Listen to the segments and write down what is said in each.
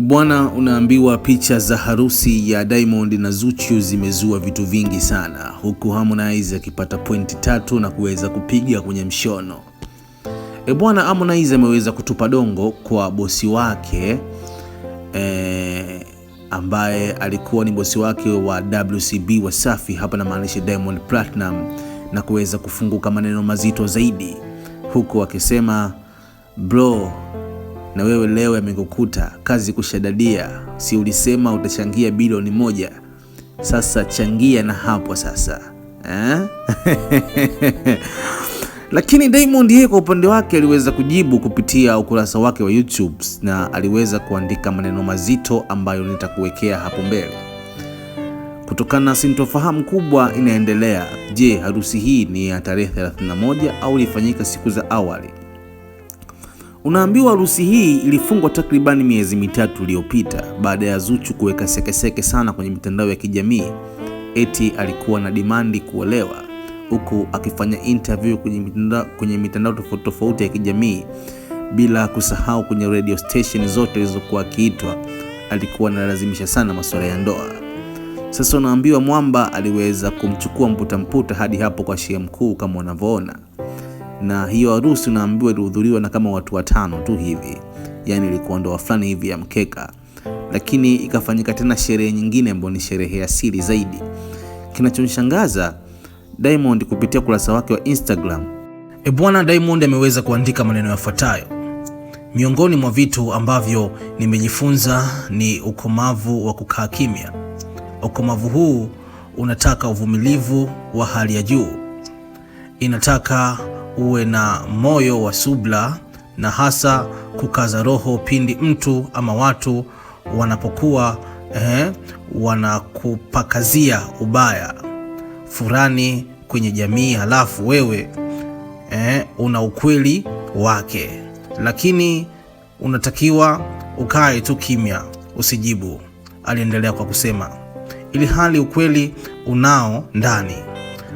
Bwana, unaambiwa picha za harusi ya Diamond na Zuchu zimezua vitu vingi sana, huku Harmonize akipata pointi tatu na kuweza kupiga kwenye mshono. E bwana, Harmonize ameweza kutupa dongo kwa bosi wake e, ambaye alikuwa ni bosi wake wa WCB Wasafi, hapa namaanisha Diamond Platinum, na kuweza kufunguka maneno mazito zaidi, huku akisema bro na wewe leo yamekukuta kazi kushadadia. Si ulisema utachangia bilioni moja? Sasa changia na hapo sasa eh? Lakini Diamond yeye kwa upande wake aliweza kujibu kupitia ukurasa wake wa YouTube na aliweza kuandika maneno mazito ambayo nitakuwekea hapo mbele. Kutokana na sintofahamu kubwa inaendelea, je, harusi hii ni ya tarehe 31 au ilifanyika siku za awali? Unaambiwa harusi hii ilifungwa takribani miezi mitatu iliyopita baada ya Zuchu kuweka sekeseke sana kwenye mitandao ya kijamii eti alikuwa na dimandi kuolewa, huku akifanya interview kwenye mitandao, kwenye mitandao tofauti tofauti ya kijamii, bila kusahau kwenye radio station zote alizokuwa akiitwa alikuwa analazimisha sana masuala ya ndoa. Sasa unaambiwa mwamba aliweza kumchukua mputamputa hadi hapo kwa shia mkuu kama unavyoona na hiyo harusi unaambiwa ilihudhuriwa na kama watu watano tu hivi, yani ilikuwa ndoa fulani hivi ya mkeka, lakini ikafanyika tena sherehe nyingine ambayo ni sherehe ya siri zaidi. Kinachonishangaza, Diamond kupitia ukurasa wake wa Instagram, e bwana Diamond ameweza kuandika maneno yafuatayo: miongoni mwa vitu ambavyo nimejifunza ni ukomavu wa kukaa kimya. Ukomavu huu unataka uvumilivu wa hali ya juu, inataka uwe na moyo wa subla na hasa kukaza roho pindi mtu ama watu wanapokuwa eh, wanakupakazia ubaya furani kwenye jamii, halafu wewe eh, una ukweli wake, lakini unatakiwa ukae tu kimya, usijibu. Aliendelea kwa kusema, ili hali ukweli unao ndani.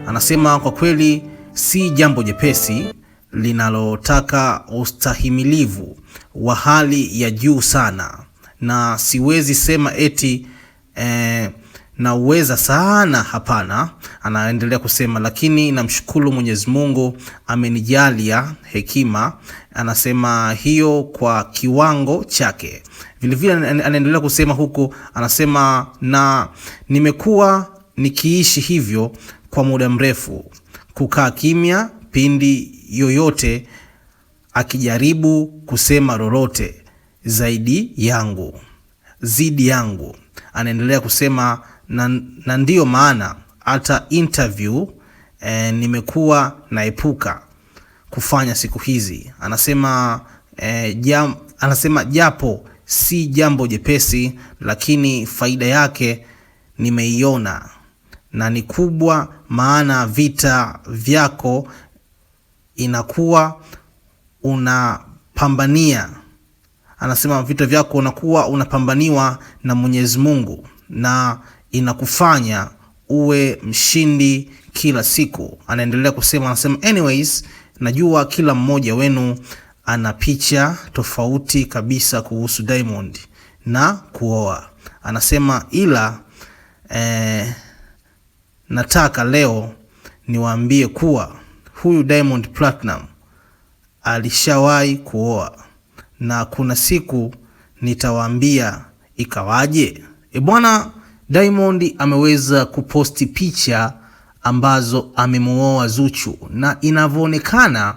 Anasema kwa kweli si jambo jepesi linalotaka ustahimilivu wa hali ya juu sana, na siwezi sema eti eh, nauweza sana. Hapana, anaendelea kusema, lakini namshukuru Mwenyezi Mungu amenijalia hekima, anasema hiyo kwa kiwango chake. Vilevile anaendelea kusema huku, anasema na nimekuwa nikiishi hivyo kwa muda mrefu kukaa kimya pindi yoyote akijaribu kusema lolote zaidi yangu zidi yangu. Anaendelea kusema na, na ndiyo maana hata interview e, nimekuwa naepuka kufanya siku hizi. Anasema e, jam, anasema japo si jambo jepesi, lakini faida yake nimeiona na ni kubwa, maana vita vyako inakuwa unapambania. Anasema vita vyako unakuwa unapambaniwa na Mwenyezi Mungu na inakufanya uwe mshindi kila siku. Anaendelea kusema, anasema anyways, najua kila mmoja wenu ana picha tofauti kabisa kuhusu Diamond na kuoa. Anasema ila eh, Nataka leo niwaambie kuwa huyu Diamond Platinum alishawahi kuoa na kuna siku nitawaambia ikawaje. E bwana, Diamond ameweza kuposti picha ambazo amemuoa Zuchu, na inavyoonekana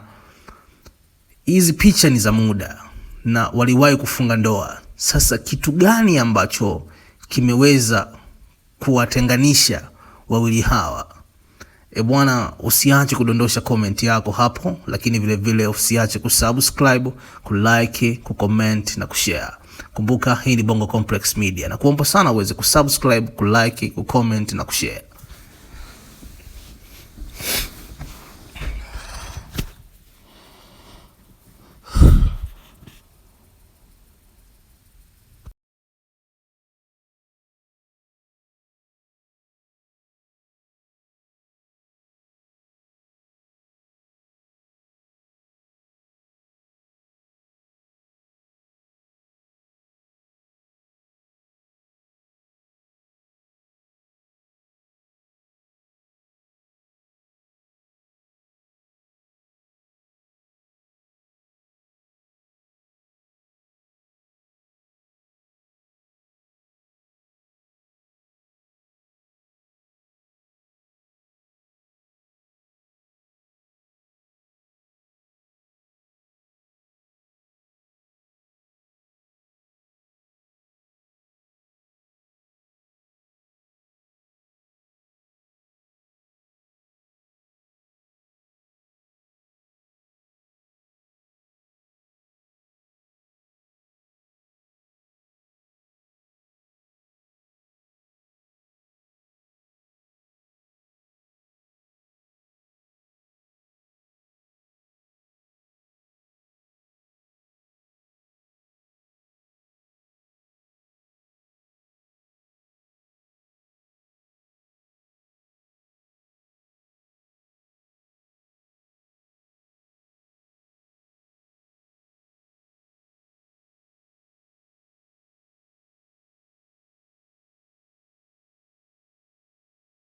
hizi picha ni za muda na waliwahi kufunga ndoa. Sasa kitu gani ambacho kimeweza kuwatenganisha wawili hawa. E bwana, usiache kudondosha komenti yako hapo, lakini vilevile usiache kusubscribe, kulike, kucomment na kushare. Kumbuka hii ni Bongo Complex Media na kuomba sana uweze kusubscribe, kulike, kucomment na kushare.